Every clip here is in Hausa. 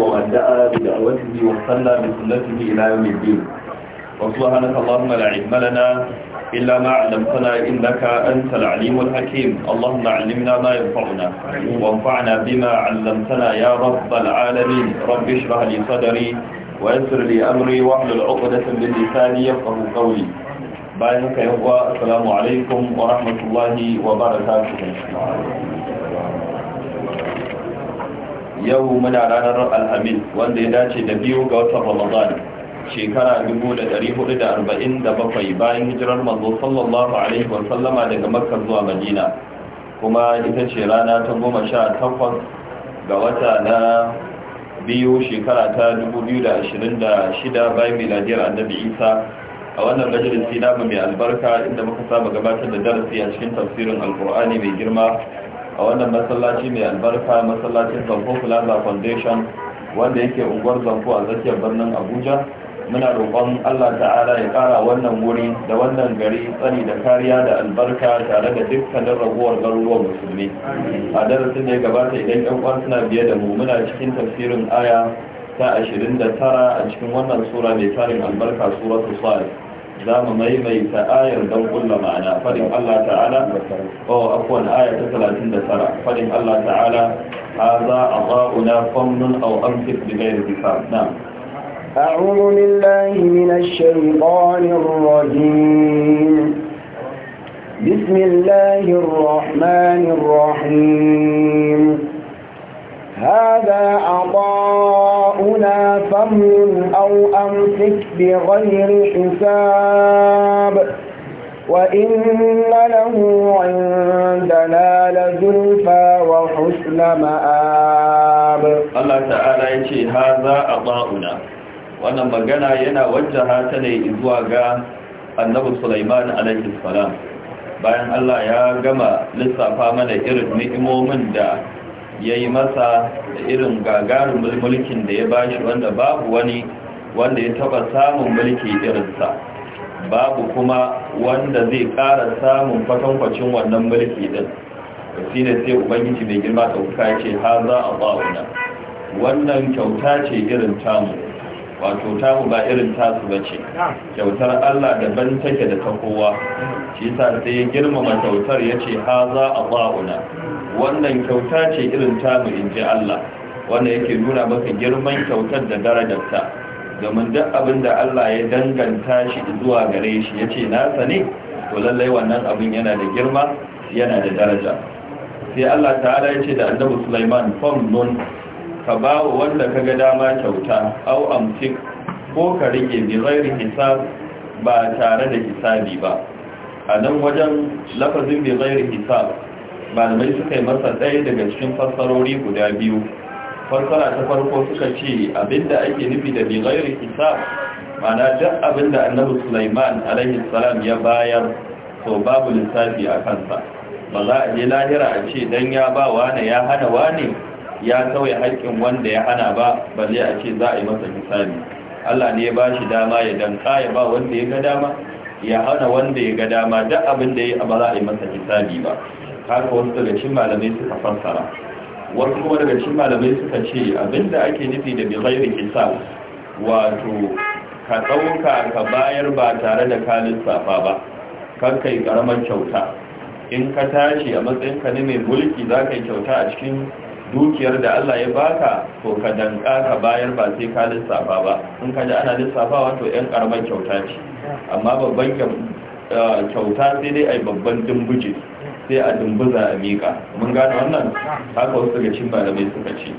ومن دعا بدعوته وصلى بسنته إلى يوم الدين وسبحانك اللهم لا علم لنا إلا ما علمتنا إنك أنت العليم الحكيم اللهم علمنا ما ينفعنا وانفعنا بما علمتنا يا رب العالمين رب اشرح لي صدري ويسر لي أمري واحلل عقدة من لساني يفقه قولي bayan haka yawa assalamu alaikum wa rahmatullahi wa barakatuh yau muna ranar alhamis wanda ya dace da biyu ga watan ramadan shekara 1447 bayan hijirar manzo sallallahu alaihi wasallama daga makka zuwa madina kuma ita ce rana ta goma sha takwas ga wata na biyu shekara ta 2026 bayan miladiyar annabi isa a wannan majalisi namu mai albarka inda muka saba gabatar da darasi a cikin tafsirin alkur'ani mai girma a wannan masallaci mai albarka masallacin zanko plaza foundation wanda yake unguwar zanko a tsakiyar birnin abuja muna roƙon allah ta'ala ya ƙara wannan wuri da wannan gari tsani da kariya da albarka tare da dukkanin raguwar garuruwan musulmi a darasin da ya gabata idan yan uwan suna biye da mu muna cikin tafsirin aya ta 29 a cikin wannan sura mai tarin albarka suratul salih mai mai ta ayar don kulla ma'ana fadin Allah ta'ala o akwai aya ta 39 fadin Allah ta'ala haza adauna famnun aw amsik bi ghairi hisab na'am أعوذ بالله من الشيطان الرجيم بسم الله الرحمن الرحيم هذا بغير حساب وإن له عندنا لزلفى وحسن مآب الله تعالى يتي هذا أضاؤنا wannan magana yana wajaha ta ne zuwa ga annabi Sulaiman alaihi salam bayan Allah ya gama lissafa mana irin ni'imomin da yayi masa da irin gagarin mulkin da ya bashi wanda babu wani wanda ya taba samun mulki irinsa babu kuma wanda zai kara samun fatankwacin wannan mulki din shi sai ubangiji mai girma ɗauka ya ce ha za a ba'una wannan kyauta ce irin tamu wato tamu ba irin tasu ba ce kyautar allah daban take da ta kowa shi sa sai ya girmama kyautar ya ce ha za a ba'una wannan kyauta ce irin tamu in ji allah wannan yake nuna maka girman kyautar da darajarta domin duk abin da Allah ya danganta shi zuwa gare shi ya ce nasa ne to lallai wannan abin yana da girma yana da daraja sai Allah ta'ala ya ce da annabi Sulaiman fam nun ka ba wa wanda ka ga dama kyauta au amtik ko ka rike bi ghairi hisab ba tare da hisabi ba a nan wajen lafazin bi ghairi hisab malamai suka yi masa ɗaya daga cikin fassarori guda biyu farkara ta farko suka ce abinda ake nufi da bi ghairi hisab mana duk abinda annabi Sulaiman alaihi salam ya bayar to babu lissafi a kansa ba za a je lahira a ce dan ya ba wani ya hana wani ya sauya haƙƙin wanda ya hana ba ba zai a ce za a yi masa hisabi Allah ne ya ba shi dama ya danka ya ba wanda ya ga dama ya hana wanda ya ga dama duk abin da ya ba za a yi masa hisabi ba haka wasu daga cikin malamai suka fassara wasu kuma daga cikin malamai suka ce abinda ake nufi da bighairi hisab wato ka ɗauka ka bayar ba tare da kalin safa ba kan kai karamar kyauta in ka tashi a matsayin ka ne mai mulki za ka yi kyauta a cikin dukiyar da Allah ya baka to ka danka ka bayar ba sai ka lissafa ba in ka ji ana lissafa wato yan karamar kyauta ce amma babban eh, kyauta sai dai ai babban dimbuje sai a dumbuza a miƙa mun gane wannan haka wasu daga cin malamai suka ce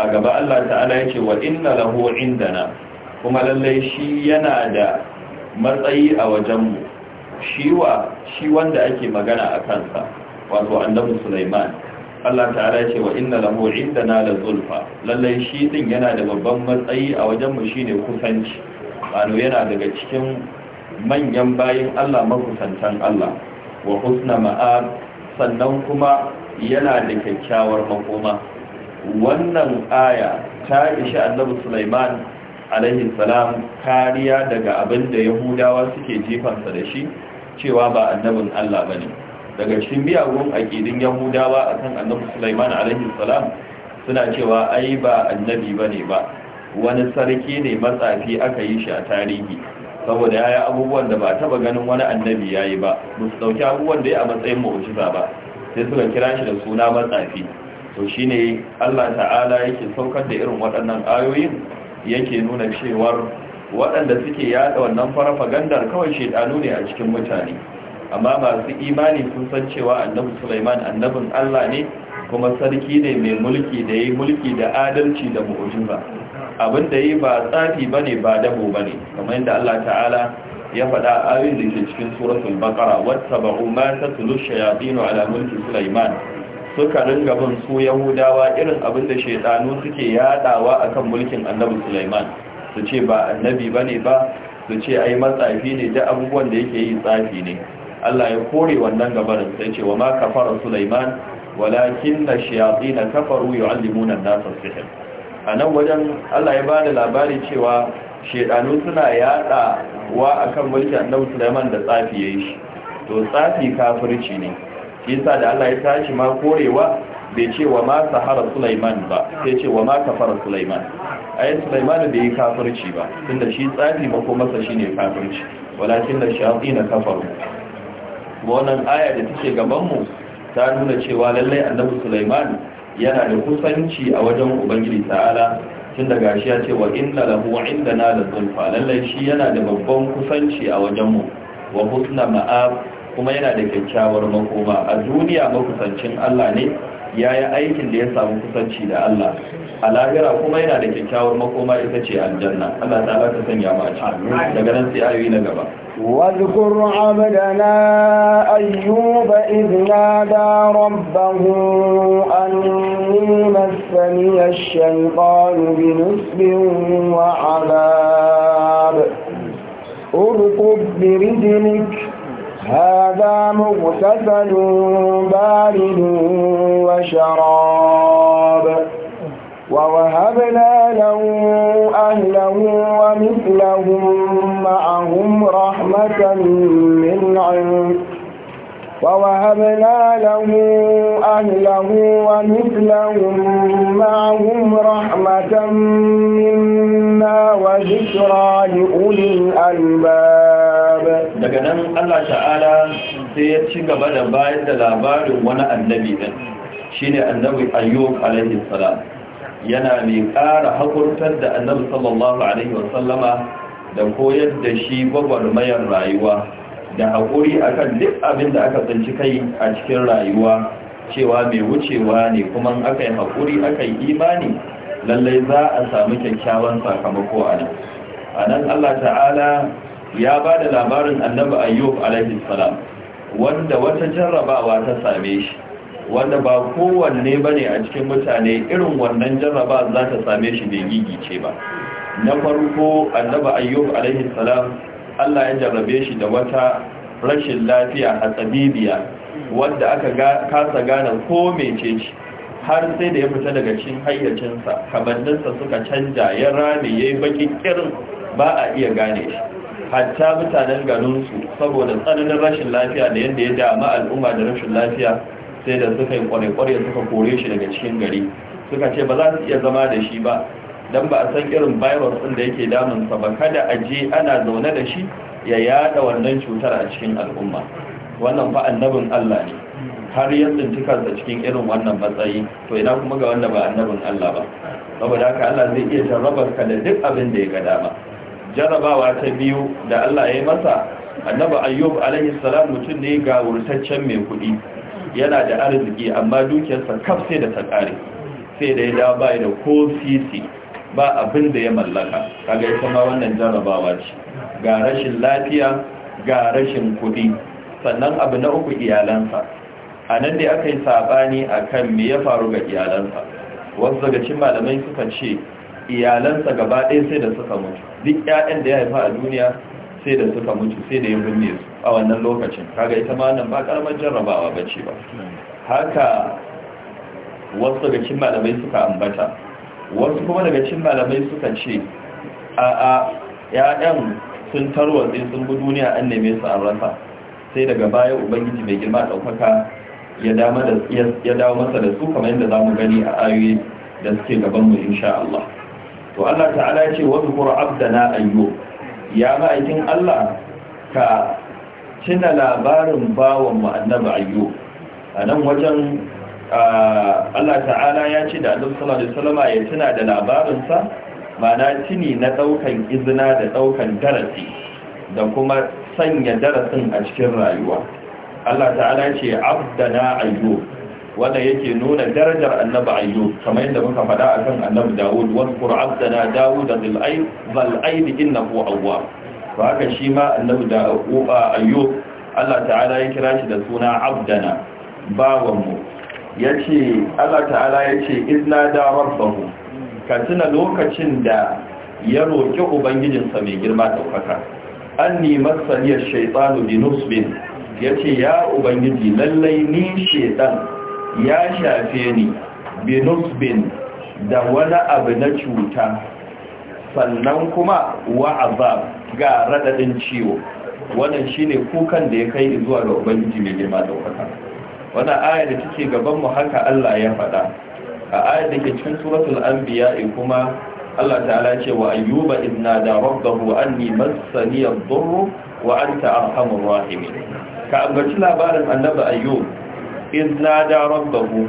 a gaba Allah ta'ala ya ce wa inna lahu indana kuma lallai shi yana da matsayi a wajenmu shi wa shi wanda ake magana a kansa wato annabi Sulaiman Allah ta'ala ya ce wa inna lahu indana la zulfa lallai shi din yana da babban matsayi a wajenmu shine kusanci wato yana daga cikin manyan bayin Allah makusantan Allah wa husna ma'ab sannan kuma yana da kyakkyawar makoma wannan aya ta ishi annabi Sulaiman alaihi salam kariya daga abin da Yahudawa suke jefansa da shi cewa ba annabin Allah bane daga cikin miyagun aqidin Yahudawa akan annabi Sulaiman alaihi salam suna cewa ai ba annabi bane ba wani sarki ne matsafi aka yi shi a tarihi saboda ya yi abubuwan da ba taba ganin wani annabi ya yi ba ba su ɗauki abubuwan da ya a matsayin mu'ujiza ba sai suka kira shi da suna matsafi to shi ne allah ta'ala yake saukar da irin waɗannan ayoyin yake nuna cewar waɗanda suke yaɗa wannan gandar kawai shaidanu ne a cikin mutane amma masu imani sun san cewa annabi sulaiman annabin allah ne kuma sarki ne mai mulki da ya yi mulki da adalci da mu'ujiza abin da yi ba tsafi bane ba dabo bane kamar yadda Allah ta'ala ya faɗa ayoyin da ke cikin suratul wata wattaba'u ma tatlu shayatin ala mulki sulaiman suka ringa bin su yahudawa irin abin da shaydanu suke yadawa kan mulkin annabi sulaiman su ce ba annabi bane ba su ce ai matsafi ne da abubuwan da yake yi tsafi ne Allah ya kore wannan gabarin sai ce wa ma kafara sulaiman walakin shayatin kafaru yu'allimuna an-nasa a nan wajen Allah ya bada labari cewa shedanu suna yada wa akan mulki annabi Sulaiman da tsafi yayi shi to tsafi kafirci ne shi yasa da Allah ya tashi ma korewa bai ce wa ma sahara Sulaiman ba sai ce wa ma kafara Sulaiman ayin Sulaiman bai yi kafirci ba tunda shi tsafi ba ko masa shine kafirci walakin da shayatin kafaru wannan aya da take gaban mu ta nuna cewa lallai annabi Sulaiman yana da kusanci a wajen ubangiji ta'ala tun da gashi ya ce wa inna lahu indana da zulfa lallai shi yana da babban kusanci a wajenmu wa husna ma'ab kuma yana da kyakkyawar makoma a duniya makusancin Allah ne yayi aikin da ya samu kusanci da Allah a lahira kuma yana da kyakkyawar makoma ita ce aljanna Allah ta ka sanya mu a ciki daga nan sai ayoyi na gaba واذكر عبدنا أيوب إذ نادى ربه أني مسني الشيطان بنسب وعذاب اركض برجلك هذا مغتسل بارد وشراب ووهبنا له أهله ومثلهم معهم رحمة من عند ووهبنا له أهله ومثلهم معهم رحمة منا وذكرى لأولي الألباب. لكن الله تعالى سيأتي قبل بعد بعد وأنا النبي شين النبي أيوب عليه السلام. yana mai ƙara haƙurtar da annabi sallallahu alaihi wasallama da koyar da shi gwagwarmayar rayuwa da haƙuri akan duk abin da aka tsinci kai a cikin rayuwa cewa mai wucewa ne kuma aka yi haƙuri aka yi imani lallai za a samu kyakkyawan sakamako a nan a nan allah ta'ala ya ba da labarin annabi ayyub alaihi salam wanda wata jarrabawa ta same shi wanda ba kowanne bane a cikin mutane irin wannan jarraba za ta same shi bai gigice ba na farko annaba ayyub alaihi salam Allah ya jarrabe shi da wata rashin lafiya a tsabibiya wanda aka kasa gane ko mece ce har sai da ya fita daga cikin hayyacinsa kamanninsa suka canja ya rame ya yi bakin kirin ba a iya gane shi hatta mutanen su saboda tsananin rashin lafiya da yadda ya dama al'umma da rashin lafiya sai da suka yi kwane-kwane suka kore shi daga cikin gari suka ce ba za su iya zama da shi ba don ba a san irin virus ɗin da yake damunsa ba kada a je ana zaune da shi ya yada wannan cutar a cikin al'umma wannan fa annabin Allah ne har ya tsinci cikin irin wannan matsayi to ina kuma ga wanda ba annabin Allah ba saboda haka Allah zai iya jarrabar ka da duk abin da ya ga dama jarabawa ta biyu da Allah ya yi masa annabi ayyub alaihi salam mutum ne ga wurtaccen mai kuɗi yana da arziki amma dukiyarsa kaf sai da ta kare sai da ya da bai da ko sisi ba abin da ya mallaka kaga ita ma wannan jarabawa ce ga rashin lafiya ga rashin kuɗi sannan abu na uku iyalansa a nan da aka yi saɓani a kan me ya faru ga iyalansa wasu daga cin malamai suka ce iyalansa gaba ɗaya sai da suka mutu duk 'ya'yan da ya haifa a duniya sai da suka mutu sai da ya binne su a wannan lokacin kaga ita ma nan ba karamar jarrabawa ba ce ba haka wasu daga cin malamai suka ambata wasu kuma daga cin malamai suka ce a a ya'yan sun tarwatse sun bi duniya an neme su an rasa sai daga baya ubangiji mai girma ɗaukaka ya dawo masa da su kamar yadda za mu gani a ayoyi da suke gabanmu insha Allah to Allah ta'ala ya ce wa zukura abdana ayyub ya ma'aikin Allah ka cina labarin bawan ma'annaba ayyo a nan wajen Allah ta'ala ya ce da Adam salama ya tuna da labarinsa mana cini na ɗaukan izina da ɗaukan darasi da kuma sanya darasin a cikin rayuwa Allah ta'ala ce abdana ayyo wannan yake nuna darajar annabi ayyu kamar yadda muka faɗa akan annabi dawud wa qur'an dana dawud bil ayb bal ayb innahu awwab to haka shi ma annabi dawud ayyub Allah ta'ala ya kira shi da suna abdana bawanmu yace Allah ta'ala yace izna da rabbahu ka tuna lokacin da ya roki ubangijinsa mai girma daukaka anni masaliyar shaytanu bi nusbin ya ce ya ubangiji lallai ni shaitan ya shafe ni binusbin da wani abu na cuta sannan kuma wa'azab ga radadin ciwo wannan shine kukan da ya kai zuwa ga ubangiji mai girma da wata. wannan aya da take gaban mu haka Allah ya faɗa a ayar da ke cikin suratul anbiya kuma Allah ta'ala ce wa ayyuba inna da rabbahu anni massani ad-durr wa anta arhamur rahimin ka ambaci labarin annabi ayyub izna da rabbahu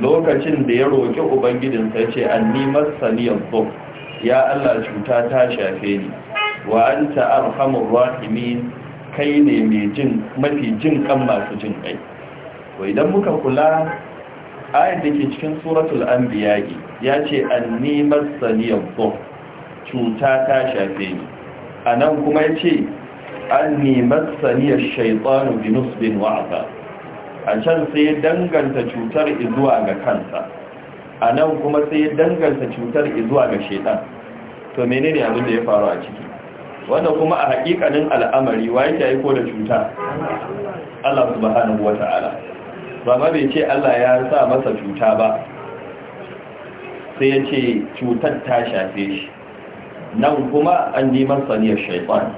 lokacin da ya roki ubangijinsa ya ce anni massani yanzu ya Allah cuta ta shafe ni wa anta arhamur rahimin kai ne mai jin mafi jin kan masu jin kai to idan muka kula ayat da ke cikin suratul anbiya ya ce anni massani yanzu cuta ta shafe ni anan kuma ya ce anni massani shaytanu bi nusbin a can sai ya danganta cutar izuwa ga kansa a nan kuma sai ya danganta cutar izuwa ga shaidan to menene abin da ya faru a ciki wanda kuma a hakikanin al'amari wa yake aiko da cuta Allah subhanahu wata'ala ba ma bai ce Allah ya sa masa cuta ba sai ya ce cutar ta shafe shi nan kuma an yi saniyar shaidan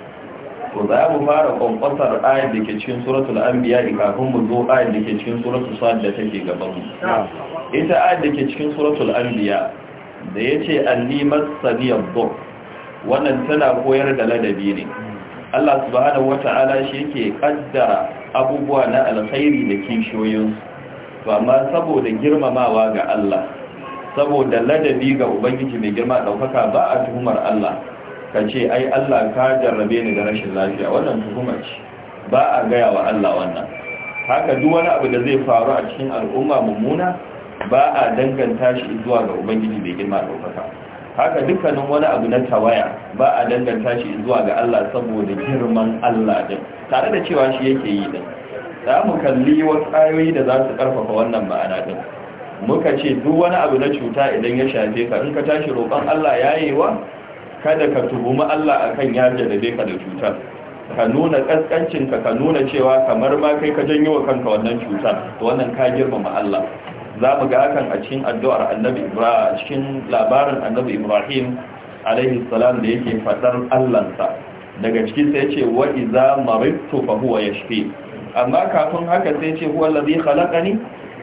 to za mu fara kwamfasar ayar da ke cikin suratul anbiya kafin mu zo ayar da ke cikin suratul sa'ad da take gaban mu ita ayar da ke cikin suratul anbiya da yace anni masani yadhur wannan tana koyar da ladabi ne Allah subhanahu wata'ala shi yake kaddara abubuwa na alkhairi da kishoyin to amma saboda girmamawa ga Allah saboda ladabi ga ubangiji mai girma ɗaukaka ba a tuhumar Allah ka ce ai Allah ka jarrabe ni da rashin lafiya wannan tuhuma ce ba a gaya wa Allah wannan haka duk wani abu da zai faru a cikin al'umma mummuna ba a danganta shi zuwa ga ubangiji mai girma ɗaukaka haka dukkanin wani abu na tawaya ba a danganta shi zuwa ga Allah saboda girman Allah din tare da cewa shi yake yi din za mu kalli wasu ayoyi da za su karfafa wannan ma'ana din muka ce duk wani abu na cuta idan ya shafe ka in ka tashi roƙon Allah yayewa kada ka tuhumi Allah akan ya jarabe ka da cutar ka nuna kaskancinka ka nuna cewa kamar ma kai ka janyo wa kanka wannan cutar to wannan ka girmama Allah za mu ga hakan a cikin addu'ar annabi ibrahim cikin labarin annabi ibrahim alaihi salam da yake fadar allansa daga ciki sai ce wa iza maritu fa huwa yashfi amma kafin haka sai ce huwa allazi khalaqani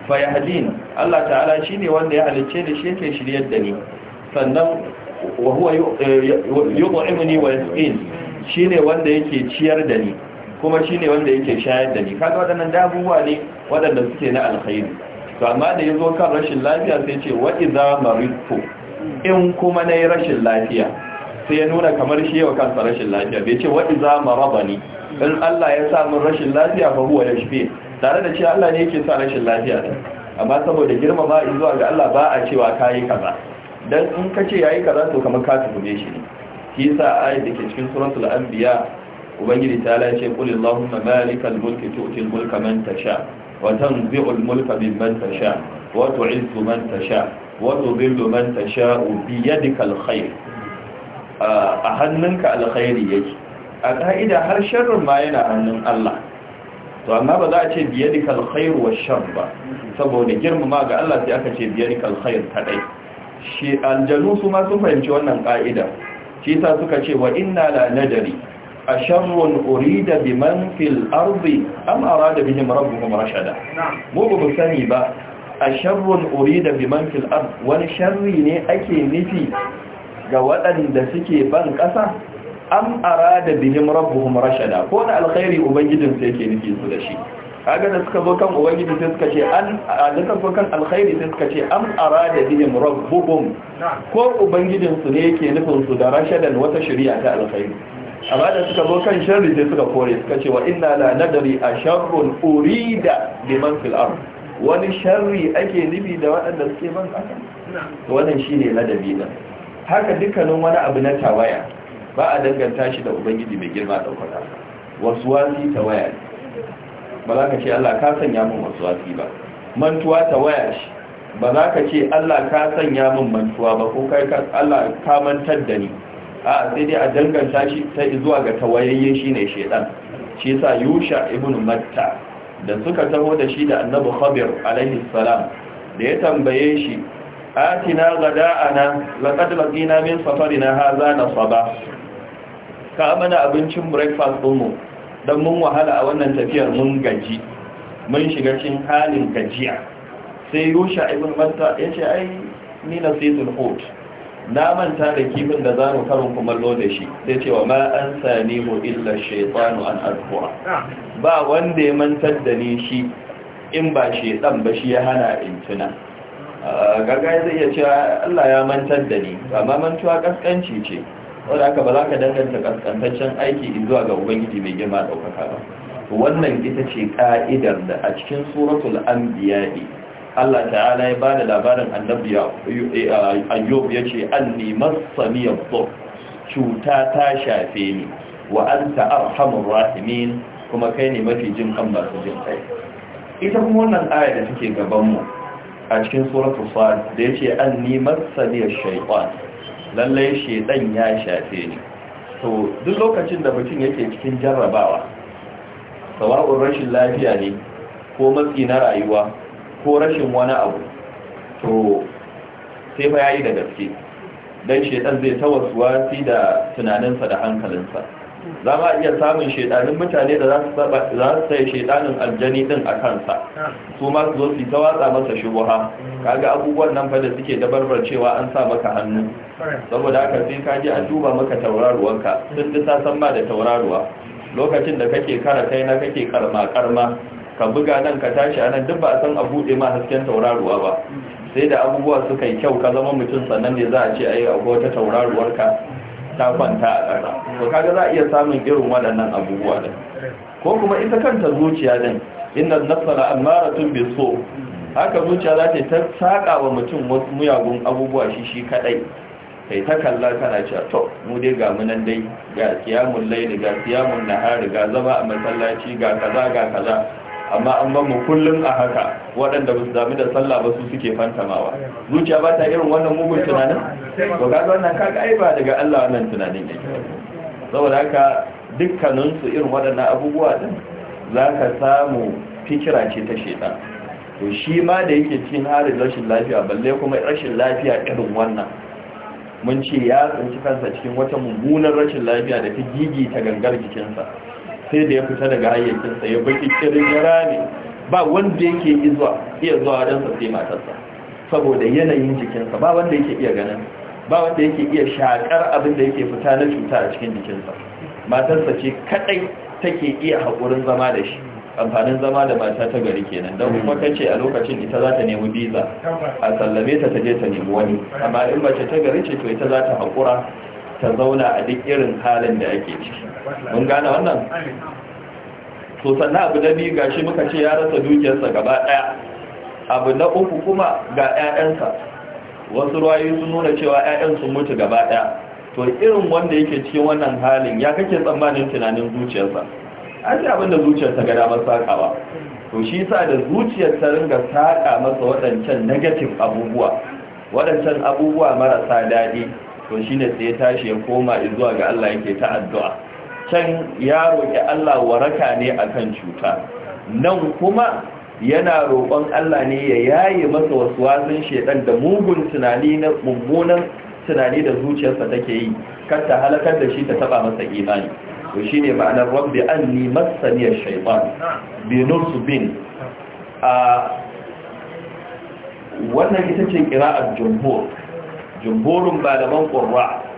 fa yahdin Allah ta'ala shine wanda ya halicce da shi yake shiryar da ni sannan wa huwa yud'imuni eh, wa yasqin shine wanda yake ciyar da ni kuma shine wanda yake shayar da ni kaga wadannan dabuwa ne wadanda suke na alkhairi to amma da yazo kan rashin lafiya sai ce wa idza maridtu in kuma nayi rashin lafiya sai ya nuna kamar shi yawa kansa rashin lafiya bai ce wa idza maradani in Allah ya sa min rashin lafiya fa huwa yashfi tare da cewa Allah ne yake sa rashin lafiya amma saboda girmama zuwa ga Allah ba a cewa kai kaza dan in ka ce yayi kaza to kamar ka tuhume shi ne shi yasa ayat da ke cikin suratul anbiya ubangiji ta lace qul allahumma malikal mulki tu'til mulka man tasha wa tanzi'ul mulka mimman tasha wa tu'izzu man tasha wa tudhillu man tasha bi yadikal khair a hannunka alkhairi yake a ka'ida har sharrin ma yana hannun Allah to amma ba za a ce biyadikal khair wa shar ba saboda girmama ga Allah sai aka ce biyadikal khair kadai shi aljanu su ma sun fahimci wannan ka'ida shi sa suka ce wa inna la nadari asharrun urida biman fil ardi am arada bihim rabbuhum rashada mu ba sani ba asharrun urida biman fil ard wani sharri ne ake nufi ga waɗanda suke ban ƙasa am arada bihim rabbuhum rashada ko da alkhairi ubangijinsu yake nufi su da shi kaga da suka zo kan ubangiji sai suka ce an da suka kan alkhairi sai suka ce am arada bihim rabbuhum ko ubangijin su ne yake nufin su da rashadan wata shari'a ta alkhairi amma da suka zo kan sharri sai suka kore suka ce wa inna la nadri asharrun urida liman fil ard wani sharri ake nufi da waɗanda suke ban ƙasa wannan shine ladabi da haka dukkanin wani abu na tawaya ba a danganta shi da ubangiji mai girma ɗaukaka wasu wasi tawaya ne ba za ka ce Allah ka sanya min waswasi ba mantuwa ta waya shi ba za ka ce Allah ka sanya min mantuwa ba ko kai ka Allah ka mantar da ni a sai dai a danganta shi ta zuwa ga tawayayye shine shedan shi yasa Yusha ibn Matta da suka taho da shi da Annabi Khabir alaihi salam da ya tambaye shi atina gada'ana laqad laqina min safarina hadha nasaba ka mana abincin breakfast din mu don mun wahala a wannan tafiyar mun gaji mun shiga cikin halin gajiya sai yusha ibn manta ya ce ai ni na sayyidul hut na manta da kifin da za mu karin kumallo da shi sai ce wa ma an sani mu illa shaitanu an azkura ba wanda ya manta da ni shi in ba shaitan ba shi ya hana in tuna gaggai zai iya cewa Allah ya manta da ni amma mantuwa kaskanci ce wanda aka ba za ka danganta kaskantaccen aiki zuwa ga ubangiji mai girma ɗaukaka ba wannan ita ce ka'idar da a cikin suratul anbiya'i Allah ta'ala ya bada labarin annabi ayyub yace anni massani yadh cuta ta shafe ni wa anta arhamur rahimin kuma kai ne mafi jin kan masu jin kai ita kuma wannan aya da take gaban mu a cikin suratul sad da yace anni massani ash-shaytan lallai shedan ya shafe ni to duk lokacin da mutum yake cikin jarrabawa sawa'un rashin lafiya ne ko matsi na rayuwa ko rashin wani abu to sai ba yayi da gaske dan shedan zai tawassuwa fi da tunaninsa da hankalinsa za a iya samun shaidanin mutane da za su sai shaidanin aljani din a kansa su ma su zo su ta watsa masa shubuha ga abubuwan nan fa da suke dabarbar cewa an sa maka hannu saboda haka sai ka ji an duba maka tauraruwanka sun fi ta ma da tauraruwa lokacin da kake kara kai na kake karma karma ka buga nan ka tashi a nan, duk ba a san a buɗe ma hasken tauraruwa ba sai da abubuwa suka yi kyau ka zama mutum sannan ne za a ce a yi wata tauraruwarka ta kwanta a ƙasa to kaga za a iya samun irin waɗannan abubuwa din ko kuma ita kanta zuciya din inna nafsala amaratun so haka zuciya za ta saka wa mutum wasu muyagun abubuwa shi shi kadai kai ta kalla kana cewa to mu dai ga mu nan dai ga siyamul laili ga kiyamun nahari ga zama a masallaci ga kaza ga kaza amma an ban mu kullum a haka waɗanda ba su damu da sallah ba su suke fantamawa zuciya ba ta irin wannan mugun tunanin to ga wannan kaga ai ba daga Allah wannan tunanin yake saboda haka dukkanin su irin waɗannan abubuwa din ka samu fikira ce ta sheda to shi ma da yake cikin harin rashin lafiya balle kuma rashin lafiya irin wannan mun ce ya tsinci kansa cikin wata mummunar rashin lafiya da ta gigi ta gangar jikinsa sai da ya fita daga hayyacinsa ya baki kirin ya ne ba wanda yake izuwa iya zuwa don sa sai matarsa saboda yanayin jikinsa ba wanda yake iya ganin ba wanda yake iya shakar abin da yake fita na cuta a cikin jikinsa matarsa ce kadai take iya haƙurin zama da shi amfanin zama da mata ta gari kenan don kuma ta ce a lokacin ita za ta nemi biza a sallame ta taje ta nemi wani amma in mace ta gari ce to ita za ta haƙura ta zauna a duk irin halin da ake ciki mun gane wannan to sannan abu na biyu shi muka ce ya rasa dukiyarsa gaba daya abu na uku kuma ga 'ya'yansa wasu ruwayi sun nuna cewa 'ya'yan sun mutu gaba daya to irin wanda yake cikin wannan halin ya kake tsammanin tunanin zuciyarsa an ce abin da zuciyarsa ga damar sakawa to shi sa da zuciyar ta ringa saka masa waɗancan negative abubuwa waɗancan abubuwa marasa daɗi to shi ne sai ya tashi ya koma zuwa ga Allah yake ta addu'a can ya roƙi Allah waraka ne akan cuta nan kuma yana roƙon Allah ne ya yaye masa wasan shedan da mugun tunani na mummunan tunani da zuciyarsa take yi kar ta halakar da shi ta taba masa imani to shine ma'anar rabbi anni massani ash-shaytan bi nusbin a wannan ita ce qira'ar jumhur jumhurun malaman qurra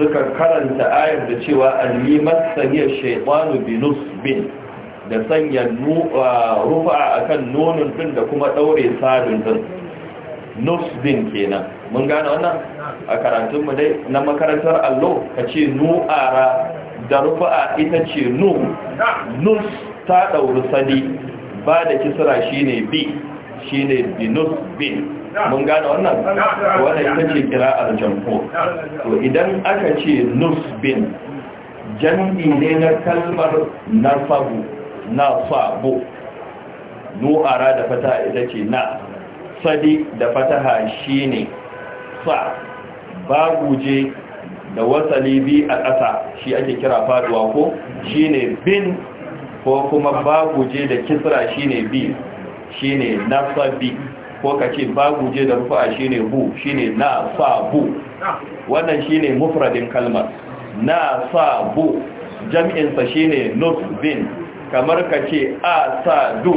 Suka karanta ayar da cewa allimar saniyar shaitanu binus bin da sanya rufa a kan nonin din da kuma ɗaure sadin din nus bin kenan mun gane wannan a karatunmu dai na makarantar allo ka ce nu'ara da rufa ita ce nu nus ta ɗauri sadi ba da kisra shine bi shine binus bin mun gane wannan wannan ita ce a jamhur to idan aka ce nus bin jam'i ne na kalmar na nasabu nu'ara da fataha ita ce na sadi da fataha shine sa baguje da wasali bi a ƙasa shi ake kira faduwa ko shine bin ko kuma baguje da kisra shine bi shine nafabi ko ka ce guje da rufa'a shine bu shine na sa bu wannan shine mufradin kalmar na sa bu jam'insa shine nusbin kamar ka ce a sa du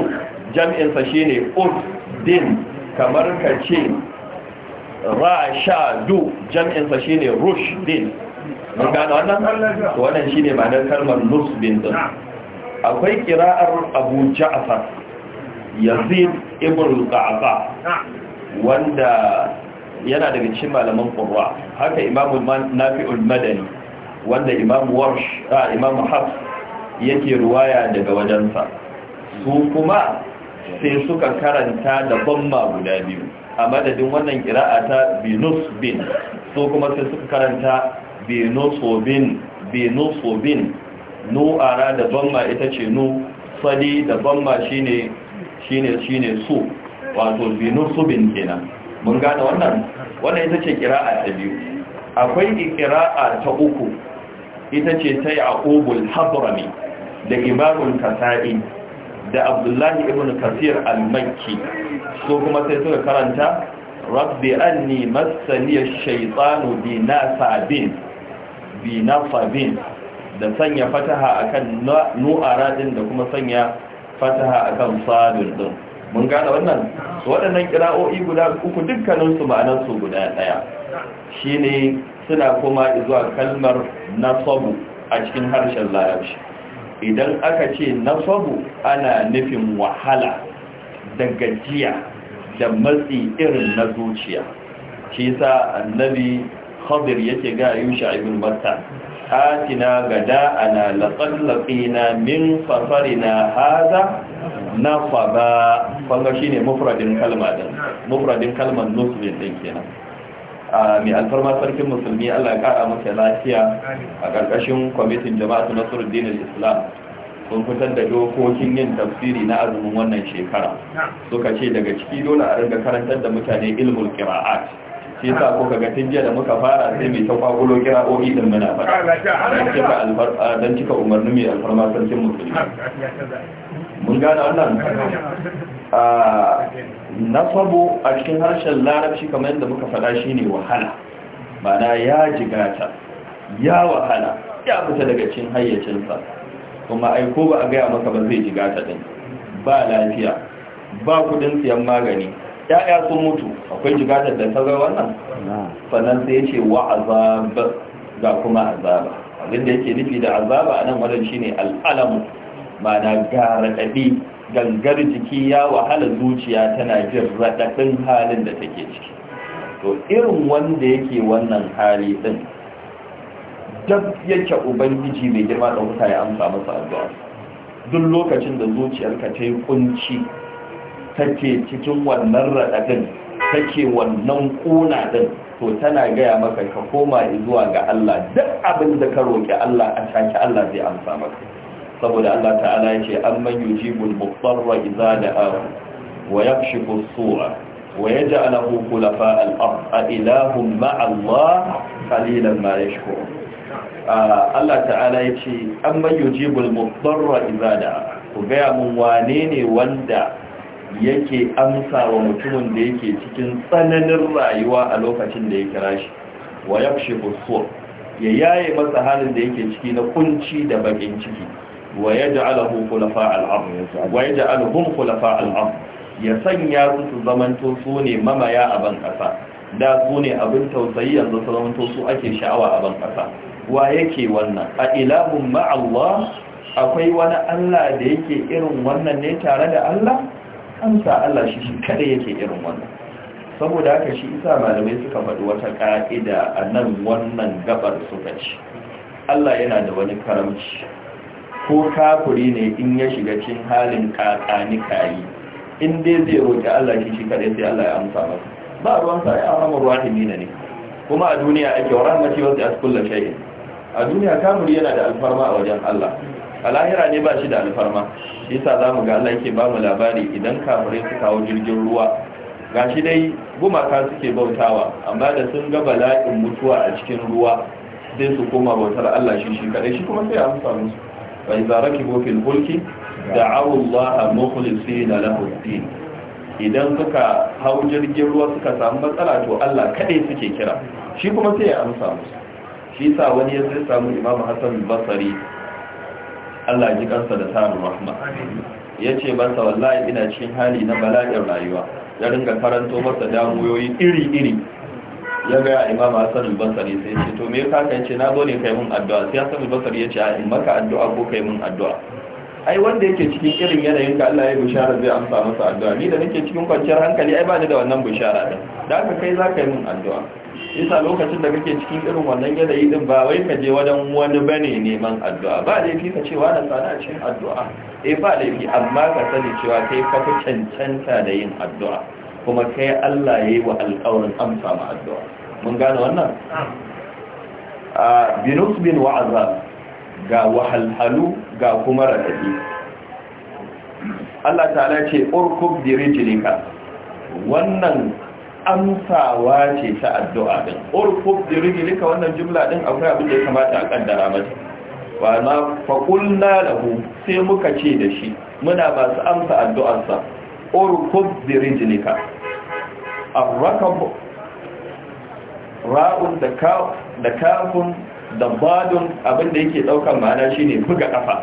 jam'insa shine usdin kamar ka ce rashadu jam'insa shine rushdin mun gane wannan wannan shine ma'anar kalmar nusbin din akwai kira'ar abu ja'far yazid ibn qa'qa wanda yana daga cikin malaman qurra haka imamu nafi'ul madani wanda imamu warsh ah imamu hafs yake ruwaya daga wajensa su kuma sai suka karanta da bamma guda biyu a madadin wannan kira'a ta binus bin su kuma sai suka karanta binusobin binusobin nu ara da bamma ita ce nu sadi da bamma shine shine shine su, wato Su bin kenan mun gane wannan wannan ita ce kira'a ta biyu akwai kira'a ta uku ita ce ta yaqubul hadrami da imarul kasa'i da abdullahi ibn kasir al-makki so kuma sai suka karanta rabbi anni massani ash-shaytanu bi nasabin bi nasabin da sanya fataha akan nu'ara da kuma sanya fataha akan sadin din mun gane wannan waɗannan kira'o'i guda uku dukkaninsu ma'anarsu guda ɗaya shine suna kuma zuwa kalmar nasabu a cikin harshen larabci idan aka ce nasabu ana nufin wahala da gajiya da matsi irin na zuciya shi sa annabi khadir yake ga yusha ibn batta atina gada'ana laqad laqina min safarina hadha nafaba kwanga shine mufradin kalma din mufradin kalman nusbin din kenan a mai alfarma sarkin musulmi Allah ya kara masa lafiya a ƙarƙashin kwamitin jama'atu nasruddin al-islam sun fitar da dokokin yin tafsiri na azumin wannan shekara suka ce daga ciki dole a riga karantar da mutane ilmul qira'at yasa ko ga tun jiya da muka fara sai mai ta gulo kira o'i din muna fara dan cika umarni mai alfarma sarkin musulmi mun gane wannan a nasabu a cikin harshen larabci kamar yadda muka fada shi ne wahala mana ya jigata ya wahala ya fita daga cikin hayyacinsa kuma ai ko ba a gaya maka ba zai jigata din ba lafiya ba kudin siyan magani ya'ya sun mutu akwai jigatar da ta ga wannan sannan sai ya ce wa azaba ga kuma azaba abinda yake nufi da azaba a nan wajen ne al'alamu na gara raɗaɗi gangar jiki ya wahala zuciya tana jin raɗaɗin halin da take ciki to irin wanda yake wannan hali ɗin dab yake ubangiji mai girma wuta ya amsa masa addu'a duk lokacin da zuciyarka ta yi kunci take cikin wannan raɗaɗin take wannan ƙuna din to tana gaya maka ka koma zuwa ga Allah duk abin da ka roƙi Allah a take Allah zai amsa maka saboda Allah ta'ala ya ce amman yujibul muqtarra idza da'ahu wa yakshifu as-su'a wa yaj'aluhu khulafa al-ard a ilahum ma'a Allah qalilan ma yashkurun Allah ta'ala ya ce amman yujibul muqtarra idza da'a ku gaya mun wane ne wanda yake amsa wa mutumin da yake cikin tsananin rayuwa a lokacin da ya kira shi wa ya fushe ya yaye masa halin da yake ciki na kunci da bakin ciki wa ya ji alahu kulafa ard ya ya sanya su su zamanto su ne mamaya a ban kasa da su ne abin tausayi yanzu su zamanto su ake sha'awa a ban kasa wa yake wannan a ilahun ma'allah akwai wani Allah da yake irin wannan ne tare da Allah kansa Allah shi shi kada yake irin wannan saboda haka shi isa malamai suka faɗi wata ƙa'ida a nan wannan gabar suka ci Allah yana da wani karamci ko kafuri ne in ya shiga cin halin kakani kayi in dai zai roƙi Allah shi shi kada sai Allah ya amsa masa ba ruwan sa ya rahama rahimi ne kuma a duniya ake wa rahmati wa zai kullu shay'in a duniya kafuri yana da alfarma a wajen Allah a lahira ne ba shi da alfarma shi sa za mu ga Allah yake ba mu labari idan kafirai su kawo jirgin ruwa Ga shi dai gumaka suke bautawa amma da sun ga bala'in mutuwa a cikin ruwa sai su koma bautar Allah shi shi kadai shi kuma sai a amsa musu fa idza rakibu fil hulki da'u Allah mukhlisina lahu din idan suka hau jirgin ruwa suka samu matsala to Allah kadai suke kira shi kuma sai ya amsa musu shi sa wani ya sai samu Imam Hassan Basri Allah ji kansa da samun rahma ya ce masa wallahi ina cikin hali na bala'in rayuwa ya ringa karanto masa damuyoyi iri-iri ya ga imam hassan al-basri sai ce to me yasa kai ce na zo ne kai mun addu'a sai hassan al-basri ya ce a in maka addu'a ko kai mun addu'a ai wanda yake cikin irin yanayin ka Allah ya bishara zai amsa masa addu'a ni da nake cikin kwanciyar hankali ai ba ni da wannan bishara din da haka kai za ka yi mun addu'a isa lokacin da kake cikin irin wannan yanayi din ba wai ka je wajen wani bane neman addu'a ba laifi ka cewa da tsada cikin addu'a eh ba laifi amma ka sani cewa kai fa ka cancanta da yin addu'a kuma kai Allah yayi wa alƙawarin amsa ma addu'a mun gane wannan a ah, binus bin wa'aza ga wahalhalu ga kuma radadi Allah ta'ala ce urkub dirijlika wannan amsawa ce ta addu'a din urkub bi rijlika wannan jumla din akwai abin da ya kamata a kaddara mata wa na faqulna lahu sai muka ce da shi muna masu amsa addu'arsa urkub bi rijlika arrakab ra'un da ka da kafun da badun abin da yake daukan ma'ana shine buga kafa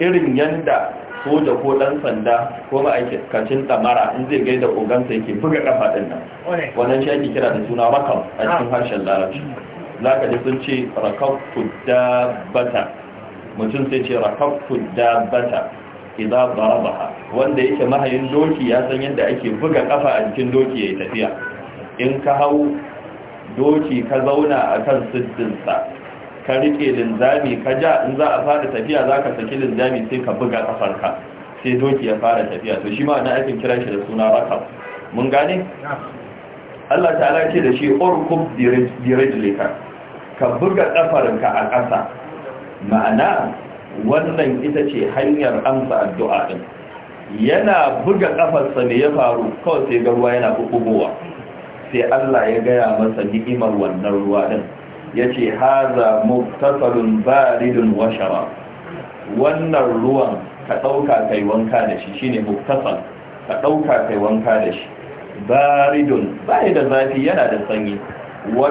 irin yanda ko da ko dan sanda ko ma'aikacin tsamara in zai gaida ogansa yake buga kafa din nan wannan shi ake kira da suna rakam a cikin ah. harshen larabci za ka ji sun ce rakabtu dabbata mutum sai ce rakabtu dabbata idan darabaha wanda yake mahayin doki ya san yadda ake buga kafa a cikin doki yayin tafiya in ka hau doki ka zauna a kan siddinsa ka rike linzami ka ja in za a fara tafiya za ka saki linzami sai ka buga kafarka sai doki ya fara tafiya to shi ma na aikin kira shi da suna raka mun gane Allah ta'ala ce da shi urkub dirajlika ka buga kafarka a ƙasa ma'ana wannan ita ce hanyar amsa addu'a din yana buga kafarsa ne ya faru kawai sai garwa ruwa yana bubugowa sai Allah ya gaya masa ni'imar wannan ruwa din yace haza muftasalun baridun wa sharab wannan ruwan ka dauka kai wanka da shi shine muftasal ka dauka kai wanka da shi baridun bai da zafi yana da sanyi wa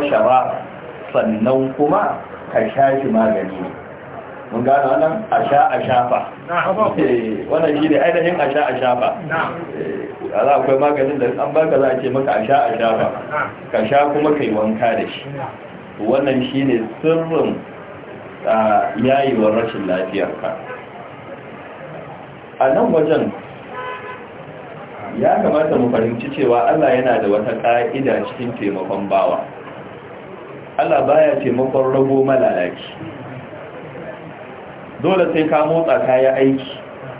sannan kuma ka shashi magani mun gano wannan a sha a shafa eh, wannan shi ne ainihin a sha a shafa eh, a za akwai maganin da an baka za a ce maka a sha a shafa ka sha kuma kai wanka da shi wannan shine sirrin yayiwar rashin lafiyarka a nan wajen ya kamata mu fahimci cewa Allah yana da wata ka'ida cikin taimakon bawa Allah baya taimakon rago malalaci dole sai ka motsa kaya aiki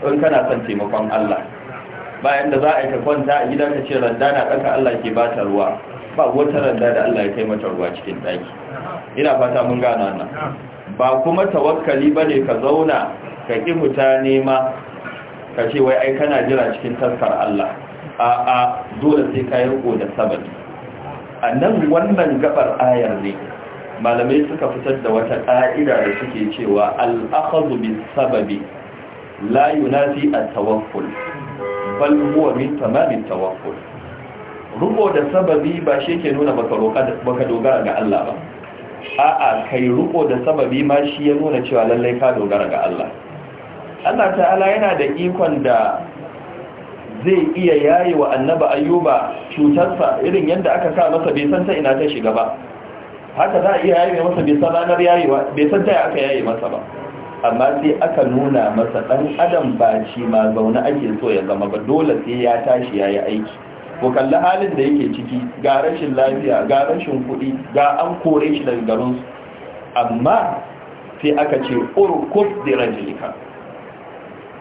in kana son taimakon Allah bayan da za a yi ka kwanta a gidan ka ce randa na ɗanka Allah ke ba ta ruwa ba wata randa da Allah ya kai mata ruwa cikin daki ina fata mun gana nan ba kuma tawakkali bane ka zauna ka ki mutane ma ka ce wai ai kana jira cikin taskar Allah a a dole sai ka riko da sabbi annan wannan gabar ayar ne malamai suka fitar da wata ka'ida da suke cewa al-akhdhu bis-sababi la yunafi at-tawakkul bal huwa min tamam tawakkul rubo da sababi ba shi ke nuna baka dogara ga Allah ba a'a kai rubo da sababi ma shi ya nuna cewa lallai ka dogara ga Allah Allah ta'ala yana da ikon da zai iya yayi wa annaba ayyuba cutarsa irin yadda aka sa masa bai san ta ina ta shiga ba haka za a iya yayi masa bai san yayi ba. bai san ta aka yayi masa ba amma sai aka nuna masa dan adam ba shi ma zaune ake so ya zama ba dole sai ya tashi yayi aiki ku kalli halin da yake ciki ga rashin lafiya ga rashin kuɗi ga an kore shi daga garinsu amma sai aka ce urkub bi rajulika